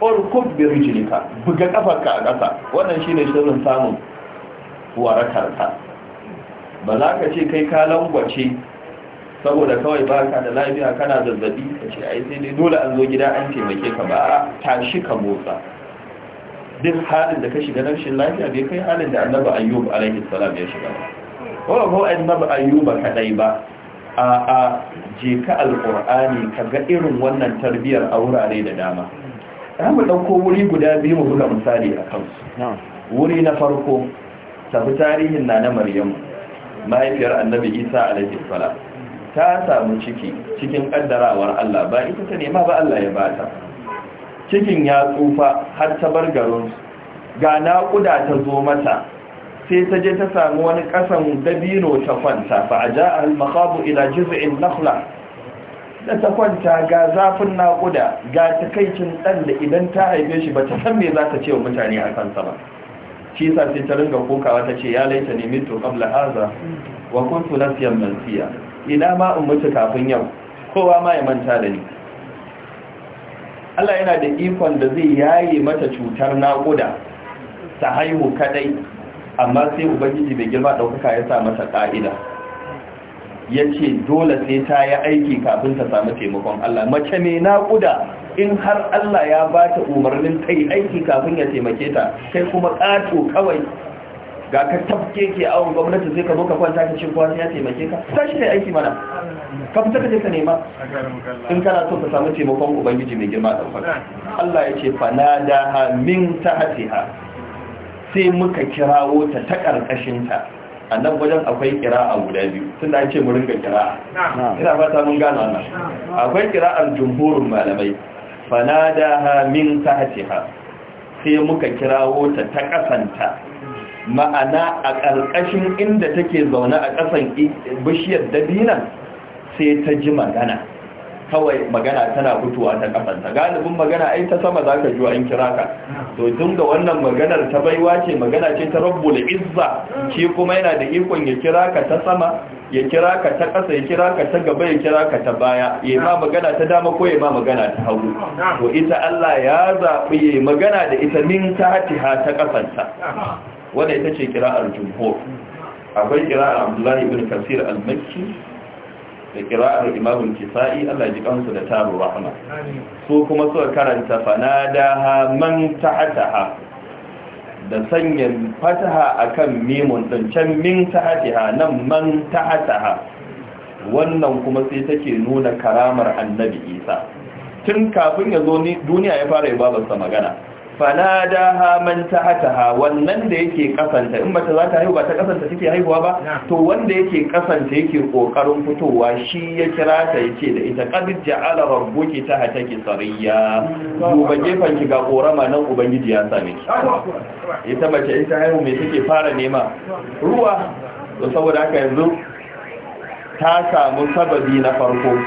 urkub bi rajulika buga kafarka a ƙasa wannan shine shirin samun warakarka ba za ka ce kai ka langwace saboda kawai ba ka da lafiya kana zazzabi ka ce ai sai dai dole an zo gida an taimake ka ba tashi ka motsa duk halin da ka shiga na rashin lafiya bai kai halin da annabi ayyub alaihi salam ya shiga ba ko annabi ayyub kaɗai ba a a je ka alqur'ani ka ga irin wannan tarbiyar a wurare da dama za mu dauko wuri guda biyu mu buga misali a kansu wuri na farko tafi tarihin na na maryamu mahaifiyar annabi isa alaihi salam ta samu ciki cikin kaddarawar Allah ba ita ta nema ba Allah ya bata cikin ya tsufa har ta bar garinsu ga naƙuda ta zo mata sai ta je ta samu wani ƙasan dabino ta kwanta ba a ja a makabu ila jiz'in nakhla da ta kwanta ga zafin naƙuda ga takaicin ɗan da idan ta haife shi ba ta san me za ta ce wa mutane a kansa ba shi sa sai ta ringa kokawa ta ce ya laita ne mito kabla haza wa kuntu nasiyan mansiya ina ma in mutu kafin yau kowa ma ya manta da ni Allah yana da ikon da zai yaye mata cutar naƙuda ta haihu kadai amma sai ubangiji bai girma ɗaukaka ya sa mata ƙa'ida ya ce dole sai ta yi aiki kafin ta samu taimakon Allah mace mai naƙuda in har Allah ya ba ta umarnin ta yi aiki kafin ya taimake ta kai kuma ƙato kawai ga ka tafke ke awon gwamnati zai ka zo ka kwanta ka cin kwasi ya taimake ka shi kai aiki mana ka fita ka je ka nema in kana so ka samu taimakon ubangiji mai girma ɗaukaka Allah ya ce ha min tahtiha sai muka kirawo ta ta karkashin ta a nan wajen akwai kira'a guda biyu tun da an ce muringa kira'a ina fata mun gano wannan akwai kira'ar jumhurin malamai ha min tahtiha sai muka kirawo ta ta kasanta ma'ana a ƙarƙashin inda take zaune a ƙasan bishiyar dabinan sai ta ji magana kawai magana tana fitowa ta kafanta galibin magana ai ta sama za ka ji an kira ka to tun da wannan maganar ta baiwa ce magana ce ta rabbul izza ce kuma yana da ikon ya kira ka ta sama ya kira ka ta ƙasa ya kira ka ta gaba ya kira ka ta baya ya ma magana ta dama ko ya ma magana ta hagu to ita Allah ya zaɓi ya magana da ita min ta hatiha ta kafanta wanda ita ce kira'ar jumhur akwai kira'ar abdullahi ibn kasir al-makki da kira'ar imam kisa'i Allah ji kansu da tabu rahama su kuma suka karanta fana ha man tahataha da sanya fataha a kan mimun din can min tahataha nan man tahataha wannan kuma sai take nuna karamar annabi Isa tun kafin ya zo duniya ya fara yi babansa magana ta man ha, wannan da yake kasanta in ta za ta haihu ba ta kasanta take haihuwa ba to wanda yake kasanta yake kokarin fitowa shi ya kira ta yake da ita qad ja'ala rabbuki ki sariya duba gefen ki ga korama nan ubangiji ya same ki ita mace ita haihu me take fara nema ruwa to saboda haka yanzu ta samu sababi na farko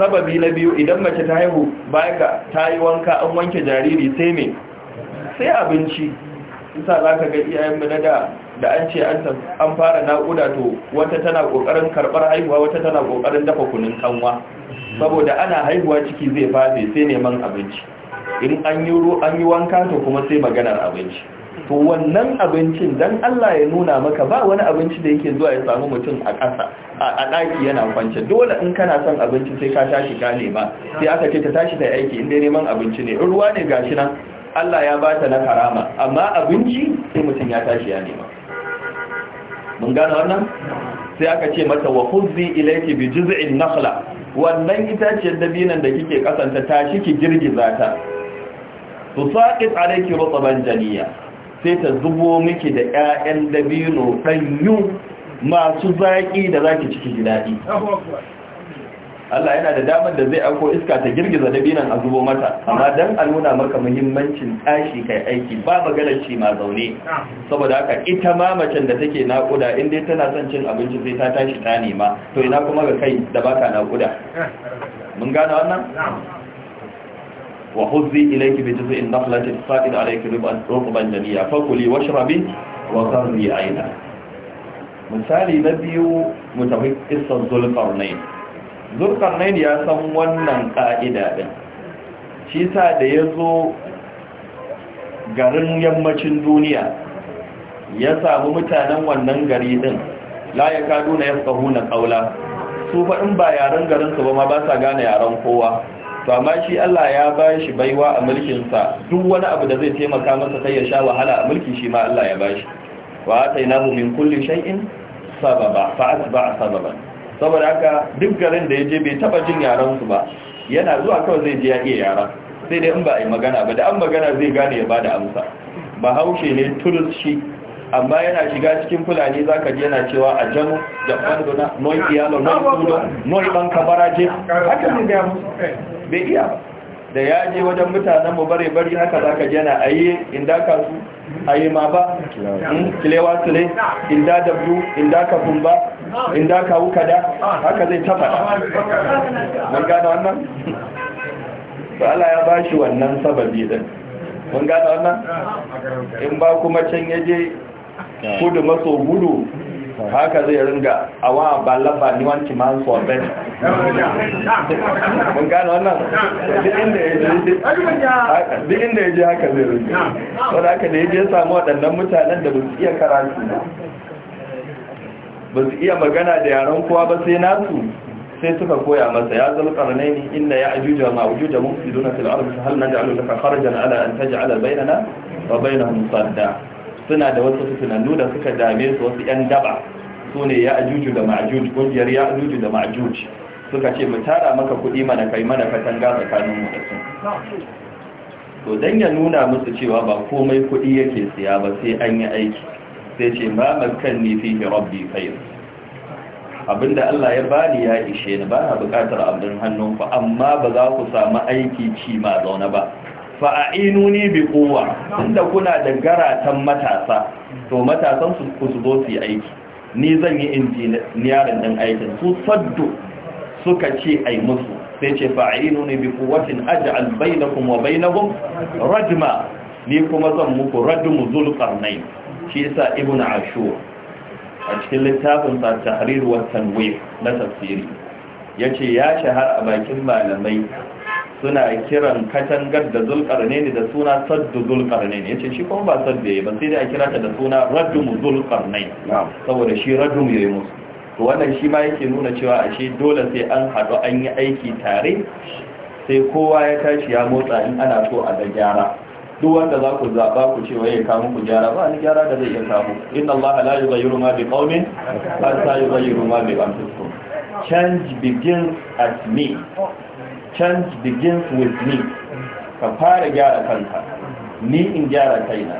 sababi na biyu idan mace ta haihu baya ta yi wanka an wanke jariri sai me sai abinci isa za ka ga iyayenmu na da da an ce an fara naƙuda to wata tana ƙoƙarin karɓar haihuwa wata tana kokarin dafa kunin kanwa saboda ana haihuwa ciki zai fafe sai neman abinci in an yi an yi wanka to kuma sai maganar abinci to wannan abincin dan Allah ya nuna maka ba wani abinci da yake zuwa ya samu mutum a ƙasa a ɗaki yana kwance dole in kana son abinci sai ka tashi ka nema sai aka ce ta tashi ta aiki in dai neman abinci ne ruwa ne gashi nan Allah ya bata na karama amma abinci sai mutum ya tashi ya nema mun gano wannan sai aka ce mata wa khuzzi ilayki bi juz'in nakhla wannan itaciyar dabinan da kike kasanta tashi ki girgiza ta tusaqit alayki rutban janiya sai ta zubo miki da ƴaƴan dabino danyu masu zaki da zaki ciki ji daɗi Allah yana da damar da zai auko iska ta girgiza dabinan a zubo mata amma dan a nuna maka muhimmancin tashi kai aiki ba maganar ci ma zaune saboda haka ita ma macen da take nakuda in dai tana son cin abinci sai ta tashi ta nema to ina kuma ga kai da baka nakuda mun gane wannan وحذي إليك بجزء النخلة الصائد عليك رطبا جنيا فكلي واشربي وقري عينا مثالي نبي متوهد قصة ذو القرنين zurkarnain ya san wannan ƙa'ida ɗin shi sa da ya zo garin yammacin duniya ya samu mutanen wannan gari din. la ya kado na ya tsaho na ƙaula su faɗin ba yaren garinsu ba ma ba sa gane yaren kowa to amma shi Allah ya ba shi baiwa a mulkinsa duk wani abu da zai taimaka masa sai ya sha wahala a mulki shi ma Allah ya ba shi wa atainahu min kulli shay'in sababa fa asba'a sababan saboda haka duk garin da ya je bai taba jin yaran su ba yana zuwa kawai zai je ya iya yara, sai dai in ba a yi magana ba da an magana zai gane ya bada amsa bahaushe ne turus shi amma yana shiga cikin fulani za ka ji yana cewa a jamu, da ɓanduna noi iyalo noi tudo noi ɗan kabaraje haka ne ga musu bai iya ba da ya je wajen mutanen mu bare bari haka za ka jana a yi inda ka su a yi ma ba hmm, kilewa su ne inda dabdu inda ka kun ba inda ka wuka da haka zai taba mun gada wannan ba Allah ya ba shi wannan sababi din mun gada wannan in ba kuma can ya je kudu maso gudu haka zai ringa wa ba laba ni wanki man for bet mun gane wannan duk inda yaje duk inda ya je haka zai ringa wanda haka da ya je samu waɗannan mutanen da ba su iya karatu ba su iya magana da yaran kowa ba sai nasu sai suka koya masa ya zama karnai ne inda ya ajuja ma ajuja mufsiduna fil ardi hal naj'alu laka kharajan ala an taj'ala bainana wa bainahum sadda suna da wasu tunanu da suka dame su wasu yan daba su ne ya ajuju da ma'ajuj kungiyar ya ajuju da ma'ajuj suka ce mu tara maka kuɗi mana kai mana katanga tsakanin mu da su to dan ya nuna musu cewa ba komai kuɗi yake siya ba sai an yi aiki sai ce ma ni fi rabbi khair abinda Allah ya bani ya ishe ni ba na bukatar abin hannunku amma ba za ku samu aiki ci ma zaune ba fa'a'inuni bi kowa inda kuna da garatan matasa to matasan su zo su yi aiki ni zan yi injiniyarin ɗin aikin su saddu suka ce ai musu sai ce fa'a'inuni bi na kuma bai na bainahum rajma ni kuma zan muku radmu zulqarnain shi yasa ibnu ashur a cikin littafin sa Hariruwar tanwir na tafsiri ya ce ya shahara a bakin malamai suna kiran katangar da ne da suna saddu ne yace shi kuma ba saddu yayi ba sai dai a kira ta da suna radum zulkarnaini saboda shi radum yayi musu to wannan shi ma yake nuna cewa ashe dole sai an haɗu an yi aiki tare sai kowa ya tashi ya motsa in ana so a da gyara duk wanda za ku zaɓa ku cewa ya kamu ku gyara ba ni gyara da zai iya kamu inna Allah la yughayyiru ma bi qaumin hatta yughayyiru ma bi anfusihim change begins at me change begins with me ka fara gyara kanka ni in gyara kaina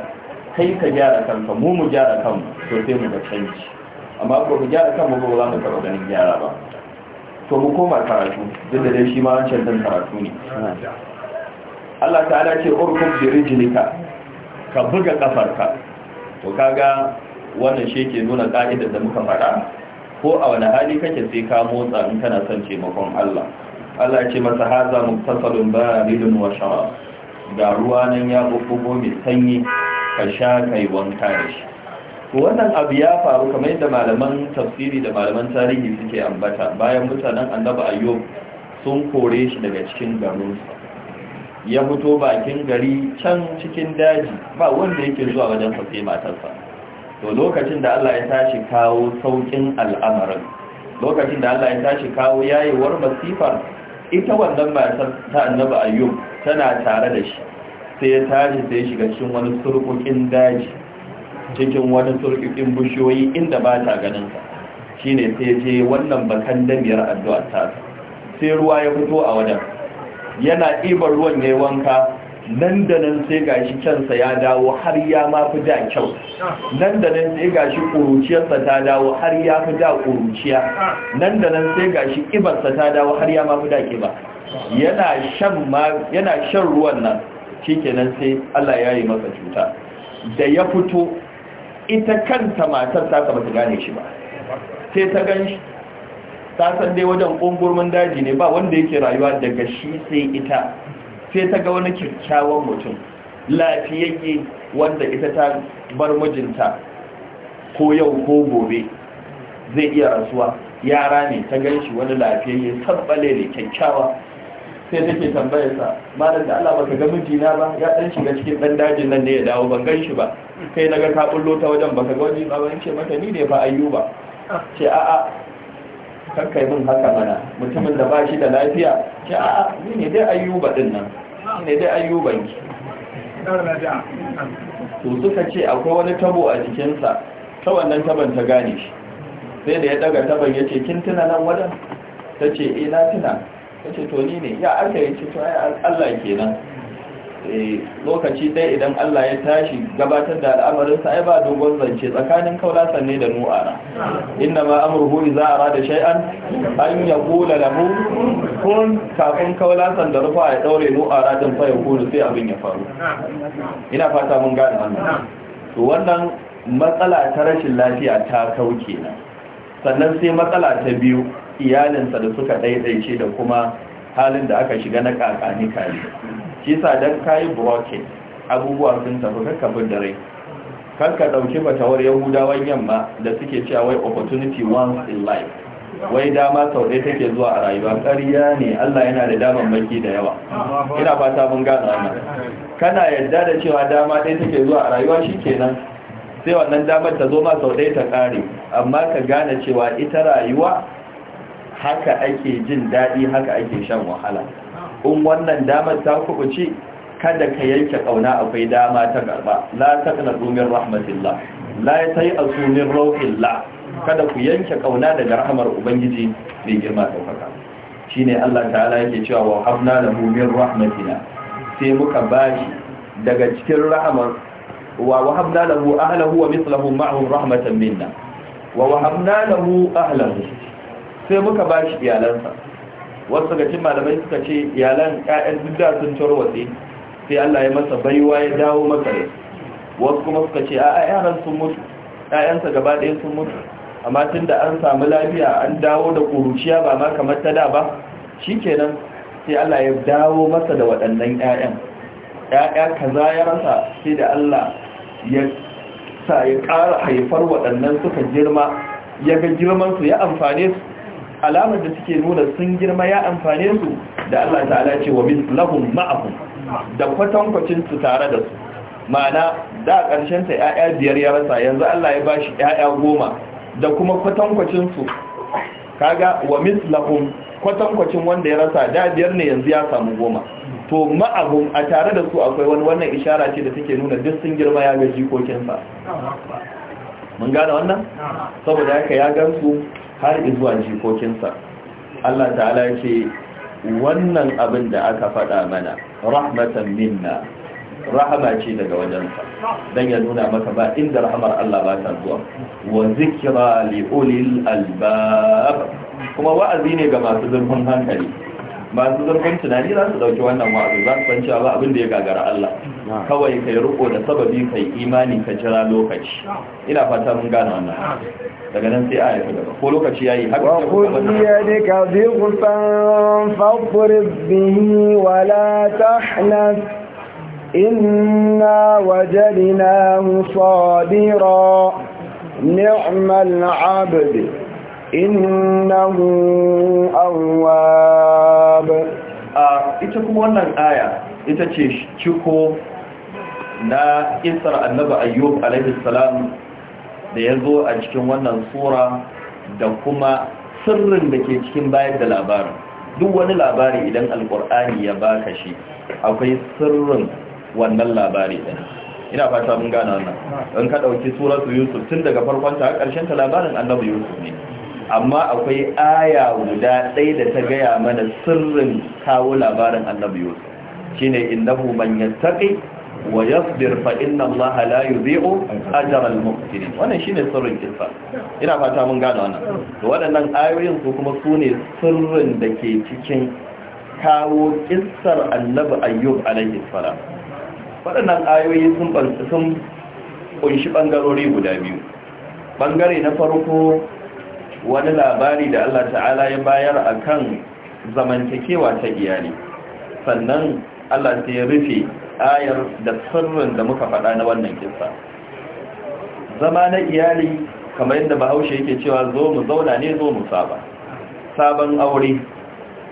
kai ka gyara kanka mu mu gyara kanmu to sai mu ga canji amma ko ka gyara kanmu ba za mu taɓa ganin gyara ba to mu koma karatu duk da dai shi ma wancan dan karatu ne Allah ta'ala ce urkub bi rijlika ka buga kafarka to kaga wannan shi ke nuna ka'idar da muka faɗa ko a wani hali kake sai ka motsa in kana son taimakon Allah Allah ce masa haza muktasalun baridun wa sharab ga ruwa nan ya bubbugo mai sanyi ka sha kai wanka da shi wannan abu ya faru kamar yadda malaman tafsiri da malaman tarihi suke ambata bayan mutanen annabi ayyub sun kore shi daga cikin garinsa ya fito bakin gari can cikin daji ba wanda yake zuwa wajen sa sai matarsa to lokacin da Allah ya tashi kawo saukin al'amarin lokacin da Allah ya tashi kawo yayewar masifar ita wannan matar ta annabi ayyub tana tare da shi sai ya tashi sai ya shiga cikin wani surkukin daji cikin wani surkukin bishiyoyi inda ba ta ganin sa shine sai ya je wannan bakan damiyar addu'ar ta sai ruwa ya fito a wajen yana ɗiban ruwan yayin wanka nan da nan sai gashi kyansa ya dawo har ya ma fi da kyau nan da nan sai gashi ƙuruciyarsa ta dawo har ya fi da ƙuruciya nan da nan sai gashi ƙibarsa ta dawo har ya ma fi da ƙiba yana shan ruwan nan shi kenan sai Allah ya yi masa cuta da ya fito ita kanta matar ta ba ta gane shi ba sai ta gan shi ta san dai wajen ƙungurmin daji ne ba wanda yake rayuwa daga shi sai ita sai ta ga wani kyakkyawan mutum lafiyayye wanda ita ta bar mijinta ko yau ko gobe zai iya rasuwa yara ne ta ganshi shi wani lafiyayye tabbale ne kyakkyawa sai take tambayarsa malam da Allah baka ga mijina ba ya dan shiga cikin dan dajin nan ne ya dawo ban gan shi ba kai naga ka bullo ta wajen baka ga wani ba ban ce mata ni ne fa ayyuba ah. ce a'a kakai mun haka mana mutumin da ba shi da lafiya ce a ni ne dai ayyuba din nan ne dai ayyuban ki to suka ce akwai wani tabo a jikinsa ta wannan taban ta gane shi sai da ya daga taban ya ce kin tuna nan wadan ta ce eh na tuna ta ce to ni ne ya aka yi ce to ai Allah kenan Eh, lokaci ɗaya idan Allah ya tashi gabatar da al'amarinsa ai ba dogon zance tsakanin kaula sanne da nu'ara inda ma amurhu za a rada shay'an an ya kula da mu kun kafin kaula san da rufa ya ɗaure nu'ara din fa ya kulu sai abin ya faru ina fata mun gane wannan to wannan matsala ta rashin lafiya ta kauke na sannan sai matsala ta biyu iyalinsa da suka ɗaiɗaice da kuma halin da aka shiga na kakani kare shi sa don kayi brokin abubuwa sun tafi kakkabin da rai kanka ɗauki fatawar yahudawan yamma da suke cewa wai opportunity once in life wai dama sau ɗaya take zuwa a rayuwa ƙarya ne Allah yana da damar maki da yawa ina fata mun gane wannan kana yadda da cewa dama ɗaya take zuwa a rayuwa shikenan sai wannan damar ta zo ma sau ɗaya ta ƙare amma ka gane cewa ita rayuwa haka ake jin daɗi haka ake shan wahala in wannan damar ta kubuce kada ka yanke ƙauna akwai dama ta garba la taqnatu min rahmatillah la ya yatai'asu min rauhillah kada ku yanke ƙauna daga rahmar ubangiji mai girma ɗaukaka shi ne Allah ta'ala yake cewa wa habna lahu min rahmatina sai muka bashi daga cikin rahmar wa wahabna lahu ahlahu wa mithluhum ma'ahum rahmatan minna wa wahabna lahu ahlahu sai muka ba shi iyalansa wasu ga cin malamai suka ce iyalan ƴaƴan duk da sun tarwatse sai Allah ya masa baiwa ya dawo maka da wasu kuma suka ce a'a yaran sun mutu ƴaƴansa gaba ɗaya sun mutu amma tun da an samu lafiya an dawo da kuruciya ba ma kamar ta da ba Shi kenan sai Allah ya dawo masa da waɗannan ƴaƴan ƴaƴa kaza ya rasa sai da Allah ya sa ya ƙara haifar waɗannan suka girma ya ga girman su ya amfane su alamar da suke nuna sun girma ya amfane su da Allah ta'ala ce wa mislahum ma'ahum da kwatankwacin su tare da su ma'ana da ƙarshen ta ƴaƴa biyar ya rasa yanzu Allah ya bashi ƴaƴa goma da kuma kwatankwacin su kaga wa mislahum kwatankwacin wanda ya rasa da biyar ne yanzu ya samu goma to ma'ahum a tare da su akwai wani wannan ishara ce da take nuna duk sun girma ya ga sa mun gane wannan saboda haka ya gansu har zuwa jikokinsa Allah ta'ala ya ce wannan abin da aka faɗa mana rahmatan minna rahama ce daga wajensa don ya nuna maka ba inda rahamar Allah ba ta zuwa wa zikira li ulil albab kuma wa'azi ne ga masu zurfin hankali masu zurfin tunani za su dauki wannan wa'azi za su san cewa ba abin da ya gagara Allah kawai kai riko da sababi kai imani ka jira lokaci ina fata mun gane wannan daga nan sai aya ta gaba ko lokaci yayi haka ko kudi ya ne ka bi qur'an fa'furib bihi wa la tahnas inna wajadnahu sabira ni'mal 'abd innahu awwab ah, ita kuma wannan aya ita ce ciko na kisar annaba ayyub alaihissalam da ya zo a cikin wannan sura da kuma sirrin da ke cikin bayar da labarin duk wani labari idan alkur'ani ya baka shi akwai sirrin wannan labari din ina fata mun gane wannan in ka dauki suratu yusuf tun daga farkon ta karshen ta labarin annabi yusuf ne amma akwai aya guda ɗaya da ta gaya mana sirrin kawo labarin annabi yusuf shine innahu man yattaqi wa yasbir fa inna Allah la yudhi'u ajra al-muqsitin wannan shine sirrin kifa ina fata mun gane wannan to wadannan ayoyin su kuma sune sirrin da ke cikin kawo kissar Annabi Ayyub alaihi salam waɗannan ayoyi sun sun kunshi bangarori guda biyu bangare na farko wani labari da Allah ta'ala ya bayar akan zamantakewa ta iyali sannan Allah sai ya rufe ayar da sirrin da muka faɗa na wannan kisa zama na iyali kamar yadda bahaushe yake cewa zo mu zauna ne zo mu saba sabon aure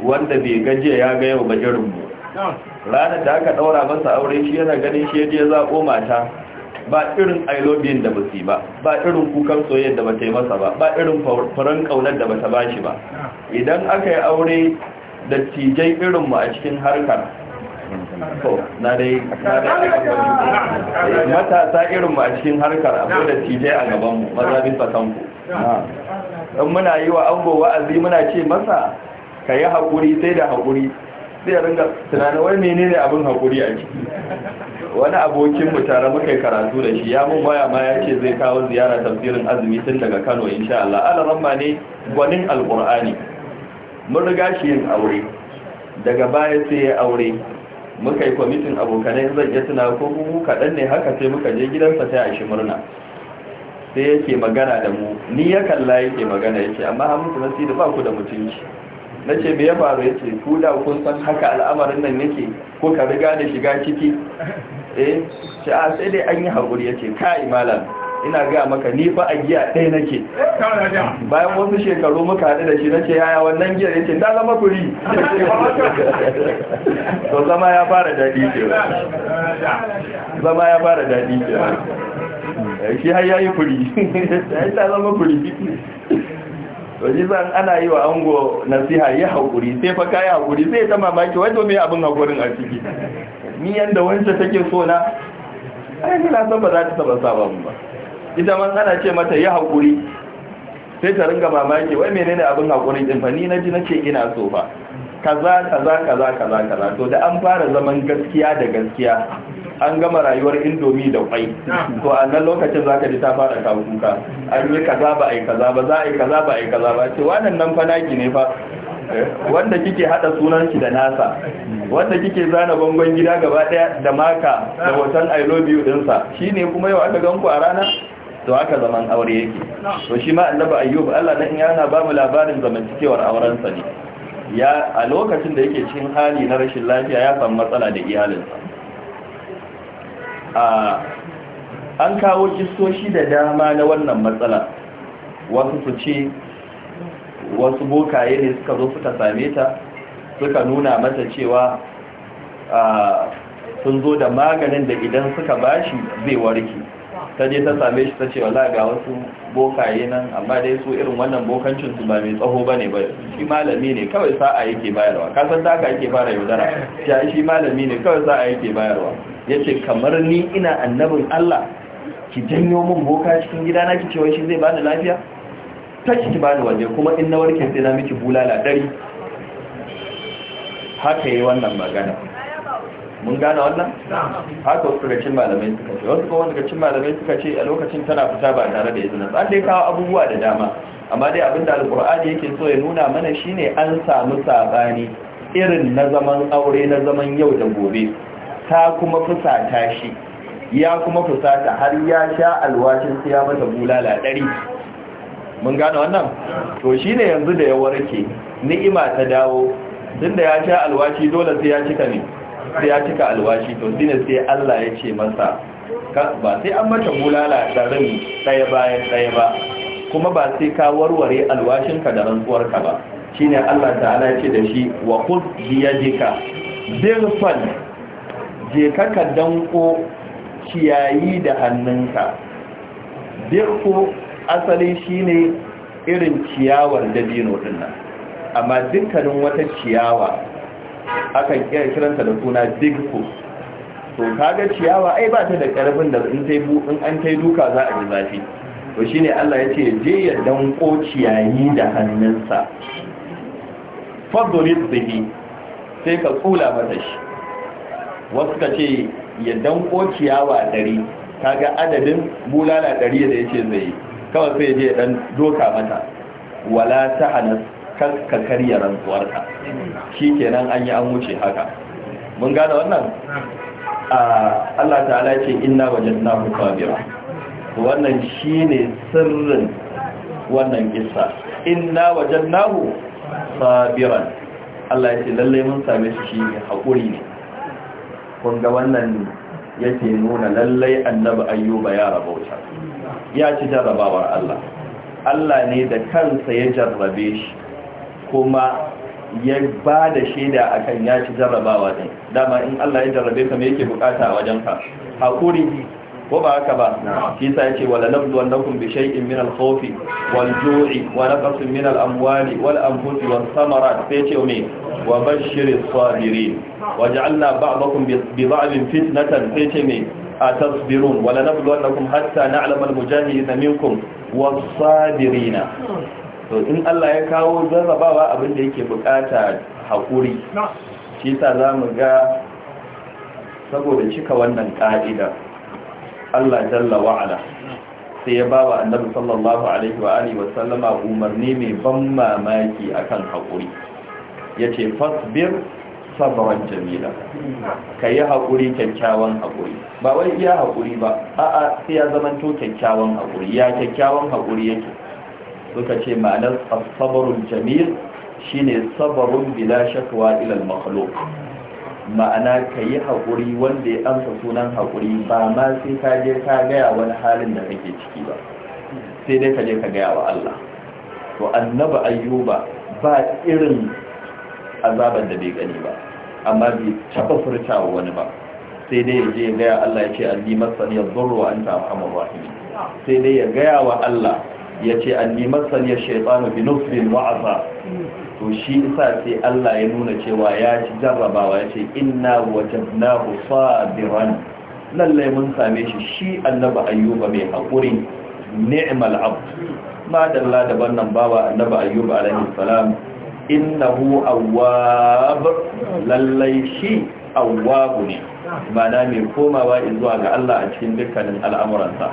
wanda bai gajiya ya ga yau bajirinmu ranar da aka ɗaura masa aure shi yana ganin shi yaje zaɓo mata ba irin ailobin da basi ba ba irin kukan soyayyar da bata yi masa ba ba irin faran kaunar da bata bashi ba idan aka yi aure da tijai irinmu a cikin harkar na dai matasa irin mu a cikin harkar abu da tijai a gaban mu maza bisa kanku in muna yi wa ango wa'azi muna ce masa ka yi haƙuri sai da haƙuri sai ya ringa tunanin wai menene abin haƙuri a ciki wani abokin mu tare muka karatu da shi ya mun baya ma ya ce zai kawo ziyara tafsirin azumi tun daga Kano insha Allah ramma ne gwanin alqur'ani mun riga shi yin aure daga baya sai ya aure muka yi kwamitin abokanai zan iya tuna ko mu kaɗan ne haka sai muka je gidansa sai a shi murna sai yake magana da mu ni ya kalla yake magana yake amma an muku nasi da ba ku da mutunci na ce me ya faru ya ce ku da kun san haka al'amarin nan yake ko ka riga da shiga ciki eh sai dai an yi haƙuri ya ce kai malam ina gaya maka ni fa a giya ɗaya nake bayan wasu shekaru muka haɗu da shi na ce yaya wannan giyar yake ce ta zama kuri to zama ya fara daɗi ke zama ya fara daɗi ke eh, shi har yayi kuri ta zama kuri ji zan ana yi wa ango nasiha ya haƙuri sai fa kayi haƙuri sai ta mamaki wajen mai abin haƙurin a ciki ni yanda wancan take so na ai ni na san ba za ta taba saba mu ba ita man ana ce mata yi haƙuri sai ta ringa mamaki wai menene abin haƙuri din fa ni na ji nace ina so fa kaza kaza kaza kaza kaza to da an fara zaman gaskiya da gaskiya an gama rayuwar indomi da kwai to a nan lokacin zaka ji ta fara ka kuka an yi kaza ba ai kaza ba za ai kaza ba ai kaza ba ce wannan nan fa naki ne fa eh, wanda kike hada sunan ki da nasa wanda kike zana bangon gida gaba daya da maka da hotel i love you din sa shine kuma yau aka ganku a rana to haka zaman aure yake to shi ma annabi ayyub Allah dan yana ba mu labarin zamantakewar auren sa ne ya a lokacin da yake cikin hali na rashin lafiya ya samu matsala da iyalinsa a an kawo kistoshi da dama na wannan matsala wasu su ce wasu bokaye ne suka zo suka same ta suka nuna mata cewa sun zo da maganin da idan suka bashi zai warke ta je ta same shi ta ce wala ga wasu bokaye nan amma dai su irin wannan bokancin su ba mai tsaho bane ba shi malami ne kawai sa'a yake bayarwa ka san haka yake fara yaudara ya shi malami ne kawai sa'a yake bayarwa yace kamar ni ina annabin Allah ki janyo min boka cikin gidana ki ce wai shi zai bani lafiya ta ki bani waje kuma in na warke sai na miki bulala dari haka yi wannan magana mun gane wannan haka wasu daga cin malamai suka ce wasu kuma daga cin malamai suka ce a lokacin tana fita ba tare da izinin an dai kawo abubuwa da dama amma dai abin da alkur'ani yake so ya nuna mana shine an samu sabani irin na zaman aure na zaman yau da gobe ta kuma fusata shi ya kuma fusata har ya sha alwacin su ya mata bulala ɗari mun gane wannan to shine yanzu da ya warke ni'ima ta dawo tunda ya sha alwashi dole sai ya cika ne sai ya cika alwashi to shine sai Allah ya ce masa ba sai an mata bulala da ran daya bayan daya ba kuma ba sai ka warware alwashinka da rantsuwarka ba shine Allah ta'ala ya ce da shi wa khudh bi yadika fal je ka ka danko ciyayi da hannunka Birko asali shine irin ciyawar dabino dinnan amma dukkanin wata ciyawa akan kiranta da suna bigfoot to kaga ciyawa ai ba ta da karfin da in bu in an kai duka za a ji zafi to shine Allah ya ce je ya danko ciyayi da hannunsa fadulit bihi sai ka tsula mata shi wasu ka ce ya danko ciyawa dari kaga adadin bulala dari da yace zai kawai sai je dan doka mata wala tahanas ka karya rantsuwarka shi kenan an yi an wuce haka mun gane wannan Allah ta'ala ce inna wajadnahu sabira wannan shi ne sirrin wannan kissa inna wajadnahu sabiran Allah ya ce lalle mun same shi ne hakuri ne kun ga wannan yake nuna lallai annabi ayyuba ya rabauta ya ci jarrabawar Allah Allah ne da kansa ya jarrabe shi kuma ya ba da shaida akan ya ci jarrabawa din dama in Allah ya jarrabe ka me yake bukata a wajen ka hakuri ko ba haka ba shi sa yace wala nabdu annakum bi shay'in min al-khawf wal-ju'i wa naqsin min al-amwali wal-anfusi was-samarat sai yace me wa bashshir as-sabirin waj'alna ba'dakum bi ba'din fitnatan sai yace me atasbirun wala nabdu annakum hatta na'lama al-mujahidina minkum was-sabirin to in Allah ya kawo jarrabawa abin da yake bukata hakuri. shi sa za mu ga saboda cika wannan ƙa'ida Allah jalla wa'ala sai ya ba wa annabi sallallahu alaihi wa alihi wasallama umarni mai ban mamaki akan haƙuri ya ce fasbir sabawan jamila ka yi haƙuri kyakkyawan haƙuri ba wai iya hakuri ba a'a sai ya zamanto kyakkyawan hakuri. ya kyakkyawan hakuri yake suka ce ma'anar sabarun jamil shine sabarun bila shakwa ilal makhluq ma'ana ka yi haƙuri wanda ya amsa sunan haƙuri ba ma sai ka je ka gaya wani halin da kake ciki ba sai dai ka je ka gaya wa Allah to annaba ayyuba ba irin azaban da bai gani ba amma bai taɓa wa wani ba sai dai ya je ya gaya Allah ya ce anni masani yadhurru anta arhamur rahimin sai dai ya gaya wa Allah ya ce an nimatsal ya shaitanu bi nufin wa'aza to shi isa sai Allah ya nuna cewa ya ci jarrabawa ya ce inna wajadnahu sabiran lallai mun same shi shi annaba ayyuba mai haƙurin, ni'mal abd ma dalla da wannan bawa annaba ayyuba alaihi salam innahu awwab lallai shi awwabu ne mana mai komawa zuwa ga Allah a cikin dukkanin al'amuransa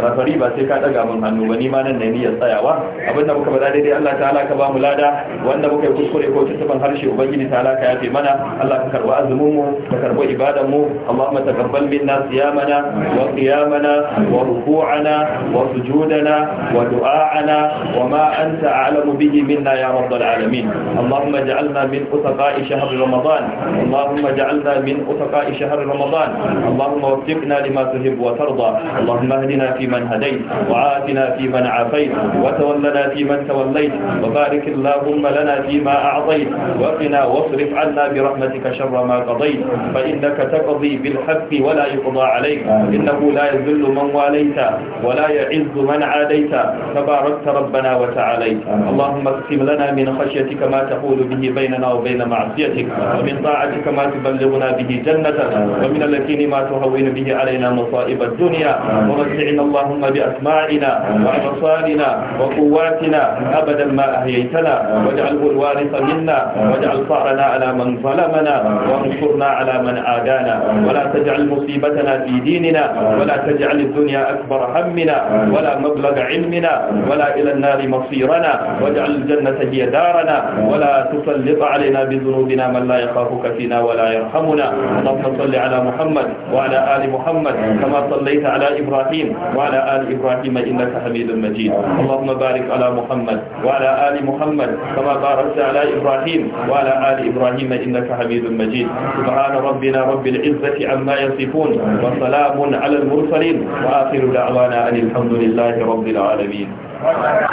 rafari ba sai ka daga mun hannu ba ni ma nan ne niyyar tsayawa abinda muka bada daidai Allah ta'ala ka ba mu lada wanda muka yi kuskure ko tuntuban harshe ubangiji ta'ala ka yafe mana Allah ka karba azumin mu ka karba ibadan mu Allahumma taqabbal minna siyamana wa qiyamana wa ruku'ana wa sujudana wa du'a'ana wa ma anta a'lamu bihi minna ya rabbal alamin Allahumma ij'alna min utaqa'i shahr ramadan Allahumma ij'alna min utaqa'i shahr ramadan Allahumma waffiqna lima tuhibbu wa tarda Allahumma اهدنا في فيمن هديت وعافنا فيمن عافيت وتولنا فيمن توليت وبارك اللهم لنا فيما أعطيت وقنا واصرف عنا برحمتك شر ما قضيت فإنك تقضي بالحق ولا يقضى عليك إنه لا يذل من واليت ولا يعز من عاديت تباركت ربنا وتعاليت اللهم اقسم لنا من خشيتك ما تحول به بيننا وبين معصيتك ومن طاعتك ما تبلغنا به جنتك ومن اليقين ما تهون به علينا مصائب الدنيا ومتعنا اللهم بأسماعنا وأبصارنا وقواتنا أبدا ما أحييتنا واجعله الوارث منا واجعل صعرنا على من ظلمنا وانصرنا على من عادانا ولا تجعل مصيبتنا في ديننا ولا تجعل الدنيا أكبر همنا ولا مبلغ علمنا ولا إلى النار مصيرنا واجعل الجنة هي دارنا ولا تسلط علينا بذنوبنا من لا يخافك فينا ولا يرحمنا اللهم صل على محمد وعلى آل محمد كما صليت على إبراهيم وعلى آل إبراهيم إنك حميد مجيد اللهم بارك على محمد وعلى آل محمد كما باركت على إبراهيم وعلى آل إبراهيم إنك حميد مجيد سبحان ربنا رب العزة عما يصفون وسلام على المرسلين وآخر دعوانا أن الحمد لله رب العالمين